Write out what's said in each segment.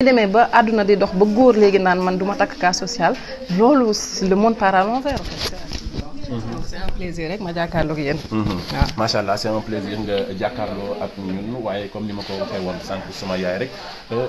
li demee ba àdduna di dox ba góor léegi naan man duma takk cas social loolu le monde part à l'envers c' est un rek ma jàkkaarloog yéen. Mm-hmm. waaw macha allah c' est plaisir nga jàkkaarloo ak ñun waaye comme ni ma ko waxee woon sànq sama yaay rek. Euh,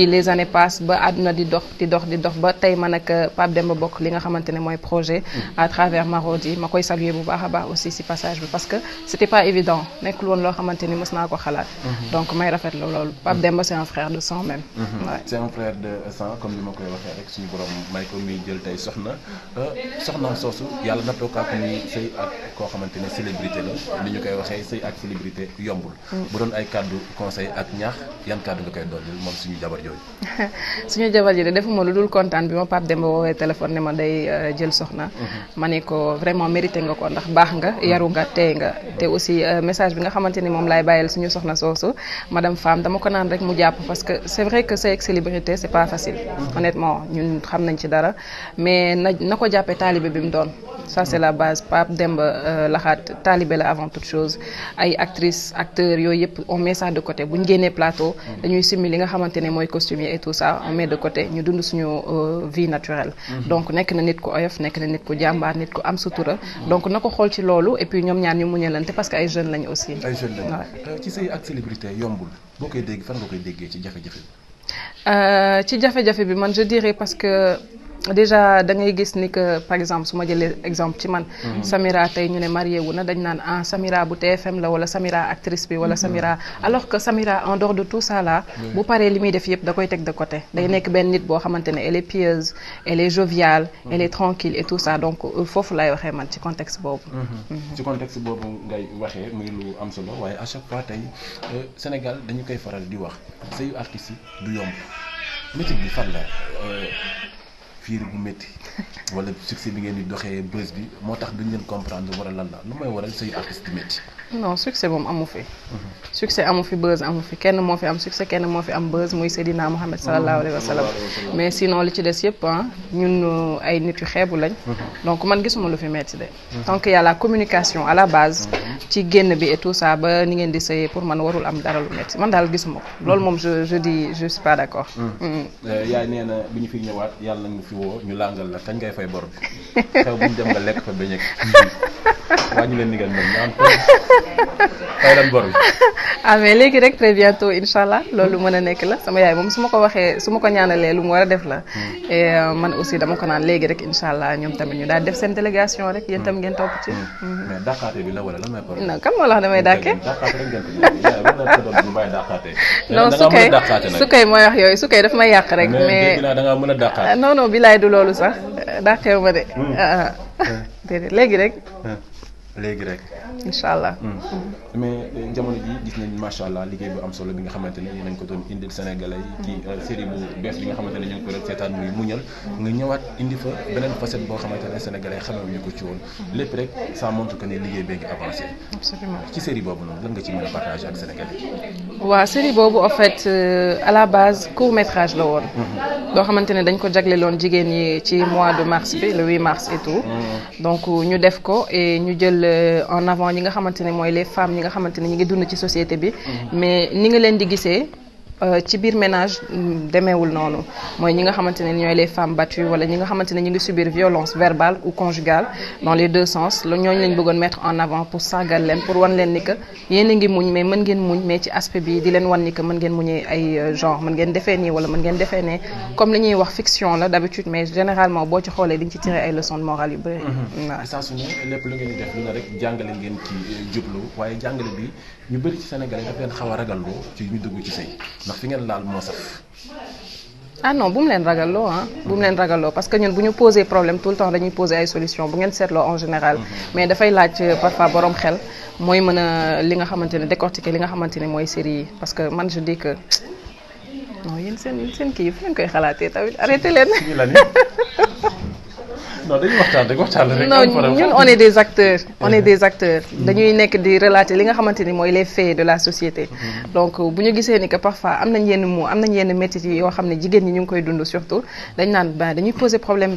ji les années passent ba àdduna di dox di dox di dox ba tey man ak euh, Pape Demba bokk li nga xamante ne mooy projet mm. à travers Marodi ma koy saluer bu baax a baax aussi si passage bi parce que c'était pas évident nekkul woon loo xamante ni mës naa ko xalaat mm-hmm. donc may rafet la loolu Pape mm-hmm. Demba c'est un frère de sang même mm-hmm. c'est un frère de sang comme ni ma koy waxee rek suñu borom may ko muy jël tey soxna euh, soxna soosu yàlla nattoo kaa ko muy sëy ak koo xamante ne célébrité la li ñu koy waxee sëy ak célébrité yombul mm. bu doon ay kàddu conseil ak ñaax yan kàddu nga koy doon moom suñu jabar suñu jabar ji de defuma lu dul kontaan bi ma Pape Demba wowe téléphone ne ma day euh, jël soxna. Mhm. mané ko vraiment mérité nga ko ndax bax nga mhm. yaru nga teey nga té aussi euh, message bi nga xamante mom lay laay suñu soxna soosu madame Femme dama ko naan rek mu japp parce que c'est vrai que say célébrité c'est pas facile. Mhm. honnêtement ñun xam nañ ci dara mais nako jappé talibé jàppee bi mu doon. ça c'est la base pap Demba la euh, Laxaat talibé la avant toute chose ay actrice acteur yooyu yëpp on met ça de côté buñu génné plateau dañuy simi li nga xamante moy ko costumier et tout ça on met de côté ñu dund suñu euh, vie naturelle mhm. donc nek na nit ko oyof nek na nit ko jàmbaar nit ko am sutura donc nako xol ci lolu et puis ñom ñaar ñu muñalante parce que ay jeunes lañ aussi ay jeunes lañ euh, ci say ak célébrité yombul bokay dégg fan nga koy déggé ci jafé jafé bi euh, ci jafé jafé bi man je dirais parce que déjà da ngay gis ni que par exemple suma ma exemple ci man. Mhm. Samira tay ñu né marié wu na dañ naan ah Samira bu TFM la wala Samira actrice bi wala mhm. Samira alors que Samira en dehors de tout ça là. bu paré li def yépp da koy tek de côté. day nekk ben nit bo xamante elle est pieuse elle est joviale. Mhm. elle est tranquille et tout ça donc euh, fofu lay waxé man ci contexte bobu ci contexte bobu ngay waxee muy lu am solo waaye à chaque fois tay euh, Sénégal dañu koy faral di wax sëyu artiste yi du yomb métier bi fan la. Euh, fiir bu métti wala succès bi ngeen di doxee bés bi moo tax duñ leen comprendre wala lan la lu mooy waral say artiste di métti. non succès moom amu fi. Mhm. succès amu fi buzz amu fi kenn moo fi am succès kenn moo fi am buzz muy Seydina Mohamed sallallahu alayhi wa sallam mhm. mais sinon li ci des yëpp ah ñun euh, ay nit yu xeebu lañ. Mhm. donc man gisuma lu fi métti de. donc y a la communication à la base. ci génn bi et tout ça ba ni ngeen di sëyee pour man warul am dara lu métti man daal gisuma ko. loolu moom je je dis je suis pas d'accord. Mm. Euh, yaa nee na bi ñu fi ñëwaat yàlla nañu fi woo ñu làngal la kañ ngay fay bor bi xew bu ñu dem nga lekk fa beñek wàññi leen ni ngeen ah, léegi rek très bientôt incha loolu mën a nekk la sama yaay moom su ma ko waxee su ma ko ñaanalee lu mu war a def la. Hmm. et euh, man aussi dama ko naan léegi rek incha allah ñoom tamit ñu daal def seen délégation rek yéen tam ngeen topp ci. Hmm. Hmm. mais dàqaate mooy wax damay dàqee. dàqaate rek ngeen mooy wax yooyu su koy daf ma yàq rek. mais dégg mën a dàqaate. non non bilaay du loolu sax dàqeewu ma de. Ah, ah. léegi rek. léegi rek. incha allah. Hmm. Hmm. mais euh, jamono ji gis nañ macha allah liggéey bu am solo bi nga xamante ñu yéen a ngi ko doon indil Sénégalais yi. ci euh, série bu bees bi nga xamante ñu ko rek sétane muy muñal. Hmm. nga ñëwaat indi fa beneen facette bo xamante Sénégalais xamé xamee ñu ko ci woon. lépp rek ça montre que ne liguey bee ngi avancé. absolument ci série boobu noonu lan nga ci mën a partager ak Sénégalais yi. waaw série boobu en fait euh, à la base court métrage la woon. loo xamante ne dañ ko jagleeloon jigéen ñi ci mois de mars bi le 8 mars et tout. donc ñu def ko et ñu jël. en avant ñi nga xamante ne mooy les femmes ñi nga xamante ne ñi ngi dund ci société bi mm-hmm. mais ni nga leen di gisee Euh, ci biir ménage mm, demeewul noonu mooy ñi nga xamante ne ñooy les femmes battues wala ñi nga xamante ne ñu ngi subir violence verbale ou conjugale dans les deux sens la ñooñu lañ bëggoon mettre en avant pour sargal leen pour wan leen ni que yéen a ngi muñ mais mën ngeen muñ mais ci aspect bi di leen wan ni que mën ngeen muñee ay euh, genre mën ngeen defee nii wala mën ngeen defee ne comme li ñuy wax fiction la d'habitude mais généralement boo ci xoolee di ci tiré ay leçons de morale yu bëri. Mm-hmm. waaw saa su ne lépp lu ngeen di def lu ne rek jàngale ngeen ci euh, jublu waaye jàngale bi ñu bëri ci Sénégal yi daf leen xaw a ragalloo ci ñu dugg ci sëy ndax fi ngeen laal moo saf. ah non bu mu leen ragalloo ah. Hein. bu mu leen ragalloo parce que ñun bu ñu posé problème tout le temps dañuy posé ay solution bu ngeen seetloo en général. Mm-hmm. mais dafay laaj euh, parfois borom xel mooy mën a li nga xamante ne décortiquer li nga xamante ne mooy série yi parce que man je dis que. non yéen seen yéen seen kii yi ngeen koy xalaatee tamit arrêté leen. on est des acteurs. on est des acteurs. on est des relater li est des les faits de la société. Mhm. donc si euh, ñu que parfois on yenn mots on yenn métiers yoo on des surtout ben, problème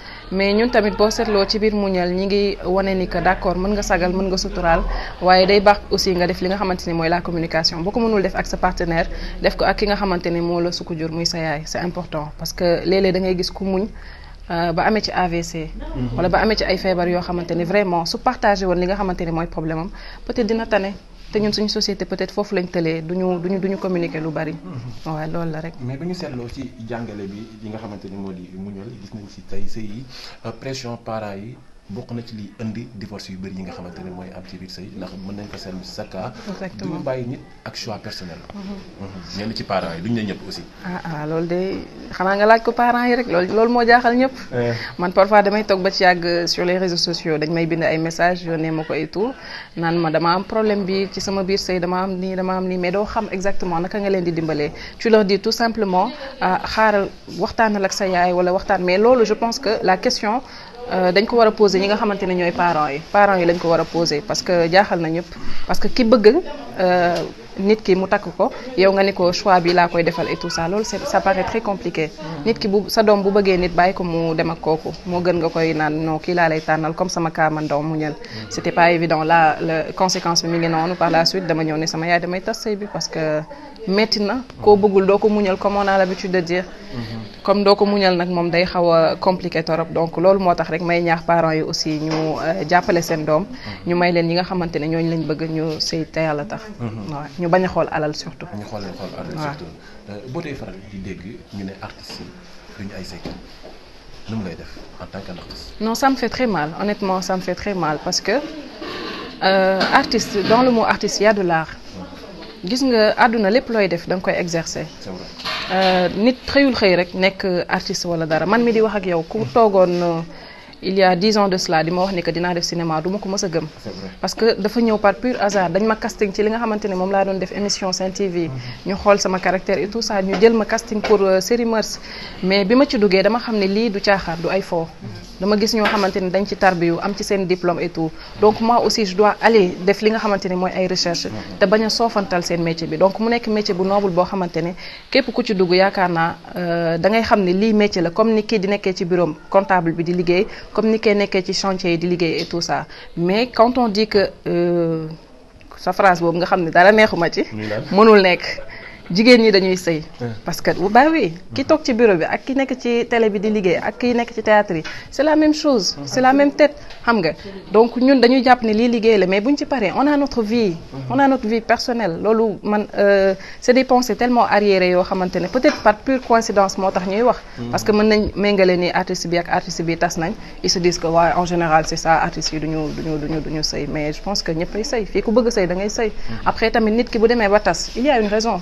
mais ñun tamit boo seetloo ci biir muñal ñi ngi wane ni que d'accord mën nga sagal mën nga suturaal waaye day baax aussi nga def li nga xamante ni mooy la communication boo ko mënul ak sa partenaire def ko ak ki nga xamante ni moo la sukku jur muy sa yaay c'est important parce que léeg-léeg gis ku muñ euh, ba amee ci AVC. Mhm. wala ba amee ci ay feebar yoo xamante ni vraiment su partagé woon li nga xamante ni mooy problème am peut-être dina tane. te ñun suñu société peut-être foofu lañ tëlee duñu duñu duñu communiquer lu bari. waaw mm-hmm. loolu la rek. mais bu ñu seetloo ci jàngale bi li nga xamante ni moo mu muñal gis nañ ci tey sëy yi euh, pression parent yi. bokk na ci li indi divorce yu bëri yi nga xamantene moy mooy am ci biir sëy ndax mën nañ ko seen saka cas. baye nit ak choix personnel. Mm-hmm. Mm-hmm. ñen ci parents yi duñ ne ñëpp aussi. ah ah lool de xana nga laaj ko parents yi rek lool lool mo jaaxal ñëpp. Eh. man parfois damay tok ba ci yàgg sur les réseaux sociaux dañ may bind ay messages yónnee ma ko et tout naan ma dama am problème bi ci sama bir sey dama am ni dama am ni mais do xam exactement naka nga leen di dimbalé tu leur dis tout simplement ah, xaaral waxtaanal ak sa yaay wala waxtaan mais loolu je pense que la question. Euh, dañ ko war a poser ñi nga xamante ne ñooy parents yi parents yi lañ ko war a poser parce que jaaxal na ñëpp parce que ki bëgg euh, nit ki mu takk ko yow nga ni ko choix bi laa koy defal et tout ça loolu ça paraît très compliqué. nit ki bu sa doom bu bëggee nit bàyyi ko mu dem ak kooku moo gën nga koy naan non kii laa lay tànnal comme sama cas man doom mu ñël c'était pas évident là la conséquence bi mi ngi noonu par la suite dama ñëw ne sama yaay damay tas bi parce que metti na koo bëggul doo ko muñal comme on a l'habitude de dire mhm. comme doo ko muñal nag moom day xaw a compliqué torop donc loolu moo tax rek may ñaax parents yi aussi ñu euh, jàppale seen doom mhm. ñu may leen yi nga xamante ne ñooñu lañ bëgg ñu sëy te yàlla tax waaw mhm. ñu bañ a xool alal surtout ñu xool xool alal surtout euh, boo dee faral di dégg ñu ne artistes yi duñu ay sëykat nu mu lay def en tant que artiste. non ça me fait très mal honnêtement ça me fait très mal parce que euh, artiste dans le mot artiste il y a de l'art gis nga aduna lepp loy def dang koy exercer. Euh, nit xëyul xëy rek nek artiste wala dara man mi di wax ak yow ku togon euh, il y a 10 ans de cela di ma wax ni que dina def cinéma duma ko mës a gëm parce que dafa ñëw par pur hasard dañ ma casting ci li nga xamante mom la doon def émission Saint TV mhm. ñu xol sama caractère et tout ça ñu jël ma casting pour Série euh, Mœurs mais bima ci duggé dama xamné li du caaxaar du ay faux dama gis ñoo xamanteni dañ ci tarbiyu am ci seen diplôme et tout donc moi aussi je dois aller def li nga xamanteni moy ay recherche te baña sofantal seen métier bi donc mu nekk métier bu noble bo xamanteni képp ku ci dugg yaakaarna euh da ngay xamni li métier la comme ni ki di nekké ci bureau comptable bi di liggéey comme ni kee nekké ci chantier di liggéey et tout ça mais quand on dit que euh sa phrase boobu nga xam ne dara neexuma ci mënul nekk jigéen ñi dañuy sëy parce que bah oui ki toog ci bureau bi ak ki nekk ci télé bi di liggéey ak ki nekk ci théâtre yi c'est la même chose c'est la même tête xam nga donc ñun dañuy jàpp ne lii liggéey la mais buñ ci paree on a notre vie on a notre vie personnelle loolu man euh, c'est des pensées tellement arriérées yoo xamante ne peut-être par pure coïncidence moo tax ñuy wax parce que mën nañ méngale ni artiste bi ak artiste bi tas nañ ils se disent que waaye en général c'est ça artiste yi duñu duñu duñu duñu mais je pense que ñëppay sëy fii ku bëgg sëy da ngay sëy mm. après tamit nit ki bu demee ba tas il y a une raison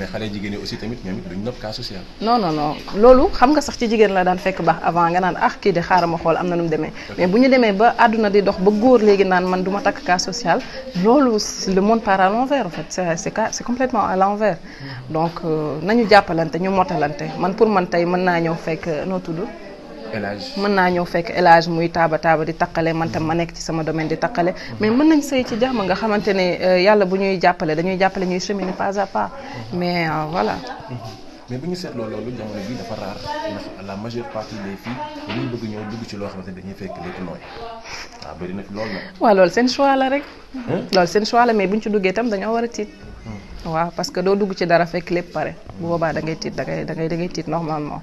mais xalé jigéen aussi tamit duñ cas social. non non non lolu xam nga sax ci jigéen la daan fekk baax avant nga naan ah de mais buñu ba aduna di dox ba naan man cas social lolu le monde part à l'envers en fait c'est c'est complètement à l'envers mm. donc euh, nañu ñu motalante man pour man fekk mën naa ñëw fekk élage muy taaba taaba di taqale man ma nekk ci sama domaine di taqale mais mën nañ sëy ci jàmm nga xamante ne euh, yàlla bu ñuy jàppale dañuy jàppale ñuy cheminer pas à mais euh, voilà bu ñu seetloo bëgg ñëw dugg ci loo xamante dañuy fekk lépp nooy waaw bëri na fi loolu seen choix la rek. loolu seen choix la mais bu ñu ci duggee tam dañoo war a tiit. Hmm. waaw parce que doo dugg ci dara fekk lépp pare. bu boobaa da ngay tiit da ngay da ngay da ngay tiit normalement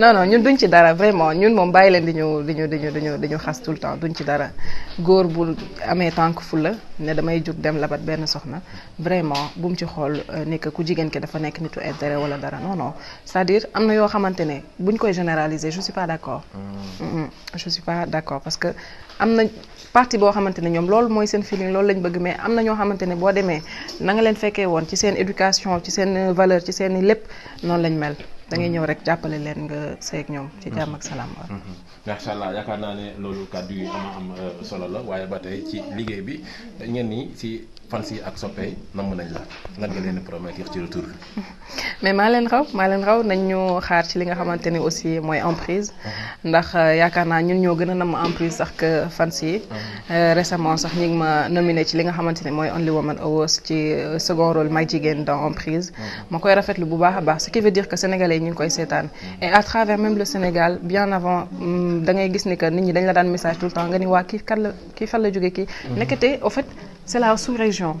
non non ñun duñ ci dara vraiment ñun moom bàyyi leen di ñu di ñu di ñu di ñu di ñu xas tout le temps duñ ci dara góor bu amee tànk fulla ne damay jug dem labat benn soxna vraiment bu mu ci xool euh, nekk ku jigéen ki dafa nekk nitu intérêt wala dara non non c'est-à-dire am na yoo xamante ne buñ koy généraliser je suis pas d'accord. Mm. je suis pas d'accord parce que am na partie boo xamante ne ñoom loolu mooy seen feeling loolu lañ bëgg mais am na ñoo xamante ne boo demee na nga leen fekkee woon ci seen éducation ci seen valeur ci seen lépp noonu lañ mel. da ngay mm-hmm. ñëw rek jàppale leen nga sëy ñoom ci jàmm ak mm-hmm. salaam wa mm-hmm. macha allah yaakaar naa ne loolu kàddu yi ama am euh, solo la waaye ba tey ci liggéey bi ngeen ni ci fans ak soppe nam nañ la lan nga leen promettre ci retour bi. mais maa leen raw maa leen raw nañ ñu xaar ci li nga xamante ni aussi mooy emprise. Uh-huh. ndax euh, yaakaar naa ñun ñoo gën a namm emprise sax que fans yi. Uh-huh. Euh, récemment sax ñu ngi ma nominé ci li nga xamante ni mooy Only Woman Awards ci euh, second rôle may jigéen dans emprise. Uh-huh. ma koy rafetlu bu baax a baax ce qui veut dire que sénégalais yi ñu ngi koy seetaan et à travers même le Sénégal bien avant hmm, da ngay gis ni que nit ñi dañ la daan message tout le temps nga ni waa kii kan la kii fan la jógee kii. nekkate au fait c'est la sous-région.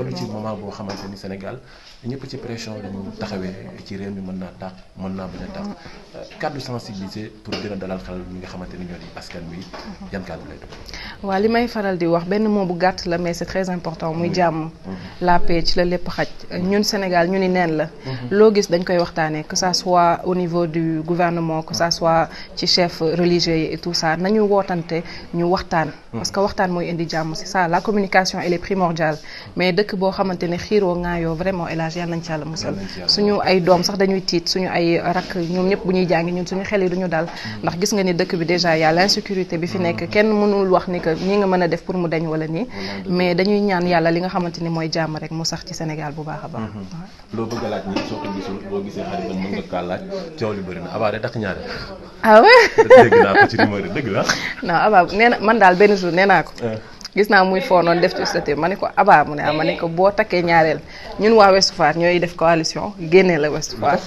toll ci moment boo xamante ni Sénégal ñëpp ci pression la ñu taxawee ci réew mi mën naa tàq mën naa bañ a tàq euh, kàddu sensibiliser pour gën a dalal xelal ñi nga xamante ni ñoo di askan wi yan kàddu lay doon. waaw li may faral di wax benn mot bu gàtt la mais c'est très important muy jàmm. la paix ci la lépp xaj. ñun Sénégal ñu ni neen la. loo gis dañ koy waxtaanee que ça soit au niveau du gouvernement que ça soit ci chef religieux yi et tout ça nañu wootante ñu waxtaan. parce que waxtaan mooy indi jàmm c'est ça la communication elle est primordiale mais dëkk boo xamante ne xiiroo ŋaayoo vraiment ménage yàlla nañ ci yàlla musal suñu ay doom sax dañuy tiit suñu ay rakk ñoom bu ñuy jàngi ñun suñu xel yi duñu dal mm. ndax gis nga ni dëkk bi déjà y a l'insécurité bi fi mm. nekk kenn mënul wax ni que nga mën a def pour mu dañ wala nii mais dañuy ñaan yàlla li nga xamante ni mooy jàmm rek mu sax ci Sénégal bu baax a baax mm-hmm. loo bëgg a laaj ni soo ko gisul boo gisee xaritam mën nga kaa laaj coow li bëri na abaa de tax ñaari ah man daal benn jour nee ko euh. gis naa muy foo noonu def ci statut ma ne ko abaa mu ne ah ma ne ko boo takkee ñaareel ñun waa Ouest Foire ñooy def coalition génnee la Ouest Foire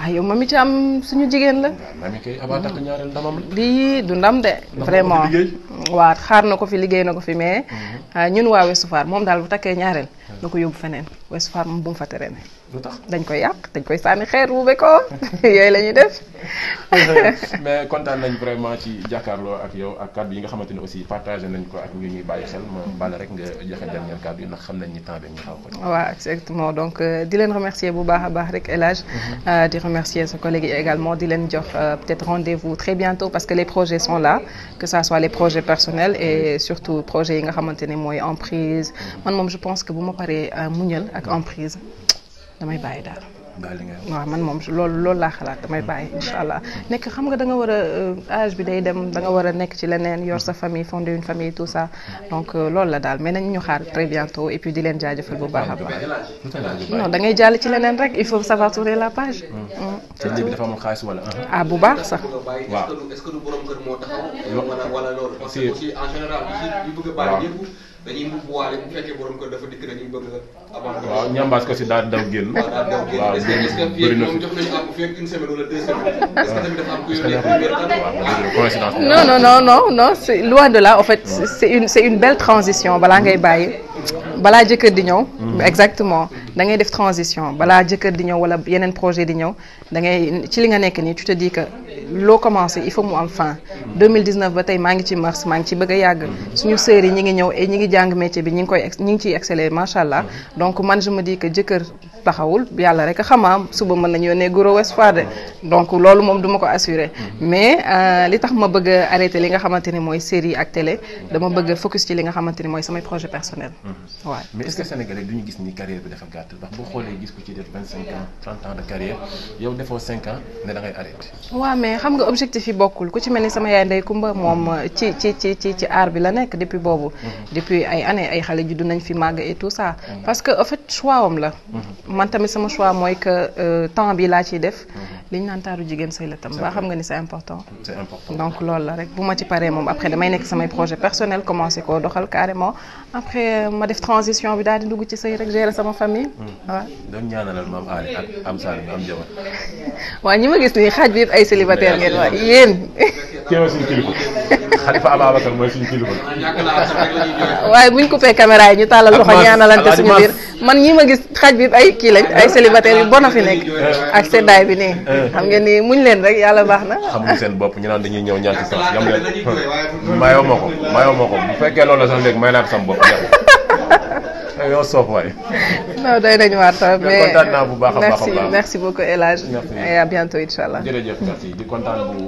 ah yow mi ci am suñu jigéen la. Ah, mami kay lii du ndam de. vraiment waa xaar na ko fi liggéey na ko fi mais mm-hmm. ah, ñun waa Ouest Foire moom daal bu takkee ñaareel. na ko yóbbu feneen Ouest Foire moom bu fa tere ne lu tax dañ koy yàq dañ koy sànni xeer ruube ko yooyu la ñuy def. mais kontaan nañ vraiment ci jàkkaarloo ak yow ak kàddu yi nga xamante ne aussi partagé nañ ko ak ñu ñuy bàyyi xel ma bala rek nga joxe dernier kàddu yi ndax xam nañ ni temps bi nga xaw ko. waaw exactement donc euh, di leen remercier bu baax a baax rek Elage mhm. euh, di remercier sa collègue yi également di leen jox euh, peut-être rendez-vous très bientôt parce que les projets sont là que ça soit les projets personnels et surtout projets yi nga xamante ne mooy emprise mhm. man moom je pense que bu ma un euh, muñal ak emprise damay baye dal waaw man mom la xalat damay baye inshallah nek xam nga da nga wara euh, bi day dem da nga ci yor sa famille fonder une famille tout ça donc euh, la dal mais très bientôt et puis di len bu baax non da ngay ci il faut savoir tourner la page. Hmm. Hmm, dafa wala. Hein? ah bu dañuy mu boole bu fekkee borom kër dafa dikk dañuy bëgg avant. waaw ñambaas ko si daal daw génn. waaw daal daw génn est-ce que fii moom jox nañu ak fekk une semaine wala deux semaines. est-ce que tamit dafa am ku yónnee coïncidence. non non non non non c'est loin de là en fait c'est une c'est une belle transition bala ngay bàyyi bala jëkkër di ñëw. exactement da ngay def transition bala jëkkër di ñëw wala yeneen projet di ñëw da ngay ci li nga nekk nii tu te dis que loo commencé il faut mu am fin. 2019 ba tey maa ngi ci mars maa ngi ci bëgg a yàgg suñu sœurs yi ñi ngi ñëw et ñi ngi jàng métier bi ñi ngi koy ñi ngi ciy exceller macha allah donc man je me dis que jëkkër taxawul yàlla rek xamaa suba mën nañu ne Goro West donc loolu moom duma ko assurer mm-hmm. mais euh, li tax ma bëgg a arrêter li nga xamante ne mooy série ak télé dama bëgg a focus ci li nga xamante ne mooy samay projet personnel waaw mm-hmm. mais est-ce que Sénégalais duñu gis ni carrière bi dafa gàtt ndax boo xoolee gis ko ci def 25 ans 30 ans de carrière yow defoo 5 ans ne da ngay arrêter waaw mais xam nga objectif yi bokkul ku ci mel ni sama yaay Ndey Kumba moom mm-hmm. ci ci ci ci ci art bi la nekk depuis boobu depuis ay années ay xale juddu nañ fi màgg et tout ça parce que en fait choix am la man tamit sama choix mooy que euh, temps bi laa ciy def. Mhm. li ñu naan taaru jigéen sëy la tam. ba xam nga ni c'est important. c'est important donc loolu la rek bu ma ci paree moom après damay nekk samay projet personnel commencé koo doxal carrément après euh, ma def transition bi daal di dugg ci sëy rek gérer sama famille. Mhm. waaw doon ñaanalal maam Ali ak am Sall am jabar. waaw ñi ma gis nii xaaj bi yëpp ay célibataire ngeen waaye yéen. teewal suñu kilifa Xalifa Ababacar mooy suñu kilifa. waaye buñ coupé caméra yi ñu tàllal loxo ñaanalante suñu biir. man ñi ma gis xaj bi ay kii lañ ay célibataire yu bon a fi nekk ak seddaay bi nii xam ngeen ni muñ leen rek yàlla baax na xam nga seen bopp ñu naan dañuy ñëw ñaan ci sax mayoo ma ko mayoo ma ko bu fekkee loolu la sax léegi may naa ko sama bopp yow soof waay day nañu waar tamit naa bu baax a baax merci merci beaucoup El Hadj et à bientôt incha allah kontaan bu